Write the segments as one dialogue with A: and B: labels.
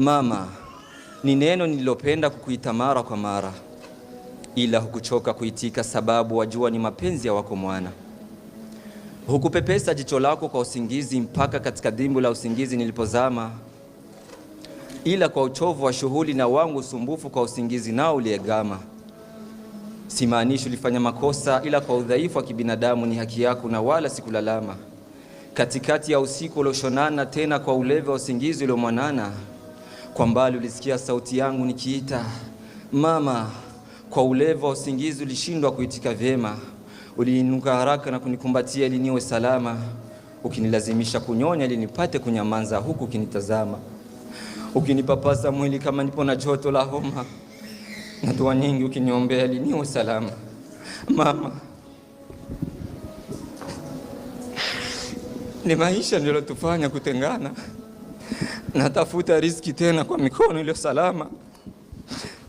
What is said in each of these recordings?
A: Mama ni neno nililopenda kukuita mara kwa mara, ila hukuchoka kuitika, sababu wajua ni mapenzi ya wako mwana. Hukupepesa jicho lako kwa usingizi mpaka katika dimbu la usingizi nilipozama, ila kwa uchovu wa shughuli na wangu usumbufu kwa usingizi nao uliegama. Simaanishi ulifanya makosa, ila kwa udhaifu wa kibinadamu ni haki yako, na wala sikulalama. Katikati ya usiku ulioshonana, tena kwa ulevi wa usingizi uliomwanana kwa mbali ulisikia sauti yangu nikiita mama. Kwa ulevo wa usingizi ulishindwa kuitika vyema, uliinuka haraka na kunikumbatia ili niwe salama, ukinilazimisha kunyonya ili nipate kunyamaza huku ukinitazama, ukinipapasa mwili kama nipo na joto la homa, na dua nyingi ukiniombea ili niwe salama, mama. Ni maisha nilotufanya kutengana natafuta riziki tena kwa mikono iliyo salama,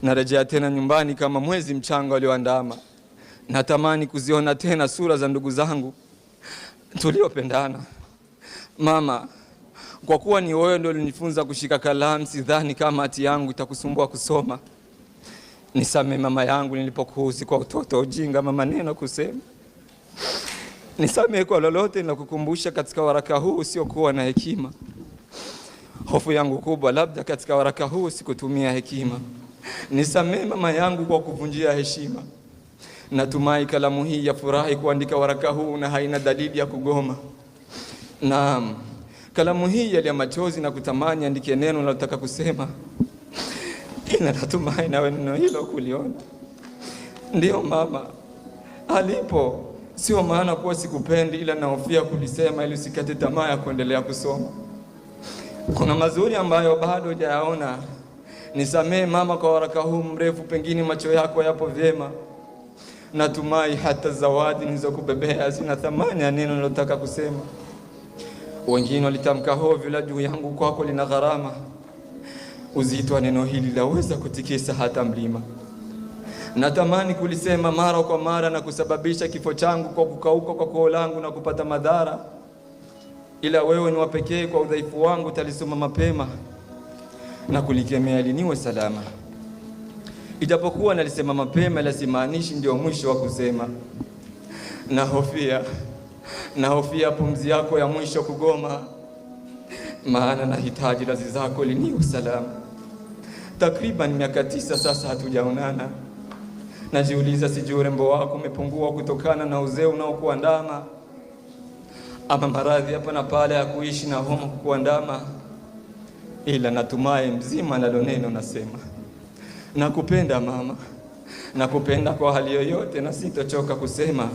A: narejea tena nyumbani kama mwezi mchanga ulioandama. Natamani kuziona tena sura za ndugu zangu tuliopendana. Mama, kwa kuwa ni wewe ndio ulinifunza kushika kalamu, sidhani kama hati yangu itakusumbua kusoma. nisamehe mama yangu nilipokuuzi kwa utoto, ujinga, mama neno kusema. Nisamee kwa lolote na katika waraka huu usiokuwa na hekima. Hofu yangu kubwa labda katika waraka huu sikutumia hekima. Nisamee mama yangu kwa kuvunjia heshima. Natumai kalamu hii ya furahi kuandika waraka huu na haina dalili ya kugoma. Naam, kalamu hii yaliya machozi na kutamani andike neno nalotaka kusema, ila natumai nawe neno hilo kuliona. Ndiyo mama alipo, sio maana kuwa sikupendi, ila nahofia kulisema ili usikate tamaa ya kuendelea kusoma. Kuna mazuri ambayo bado hujayaona. Nisamehe mama kwa waraka huu mrefu, pengine macho yako yapo vyema. Natumai hata zawadi nilizokubebea zina thamani ya neno nilotaka kusema. Wengine walitamka hovyo, la juu yangu kwako lina gharama. Uzito wa neno hili laweza kutikisa hata mlima. Natamani kulisema mara kwa mara na kusababisha kifo changu kwa kukauka kwa koo langu na kupata madhara ila wewe ni wapekee kwa udhaifu wangu, talisoma mapema na kulikemea liniwe salama. Ijapokuwa nalisema mapema, ila simaanishi ndio mwisho wa kusema. Nahofia, nahofia pumzi yako ya mwisho kugoma, maana nahitaji razi zako liniwe salama. Takriban miaka tisa sasa hatujaonana, najiuliza sijui urembo wako umepungua kutokana na uzee unaokuandama ama maradhi hapa na pale ya kuishi na homa ndama ila natumai mzima, nalo neno nasema nakupenda mama, nakupenda kwa hali yoyote, na sitochoka kusema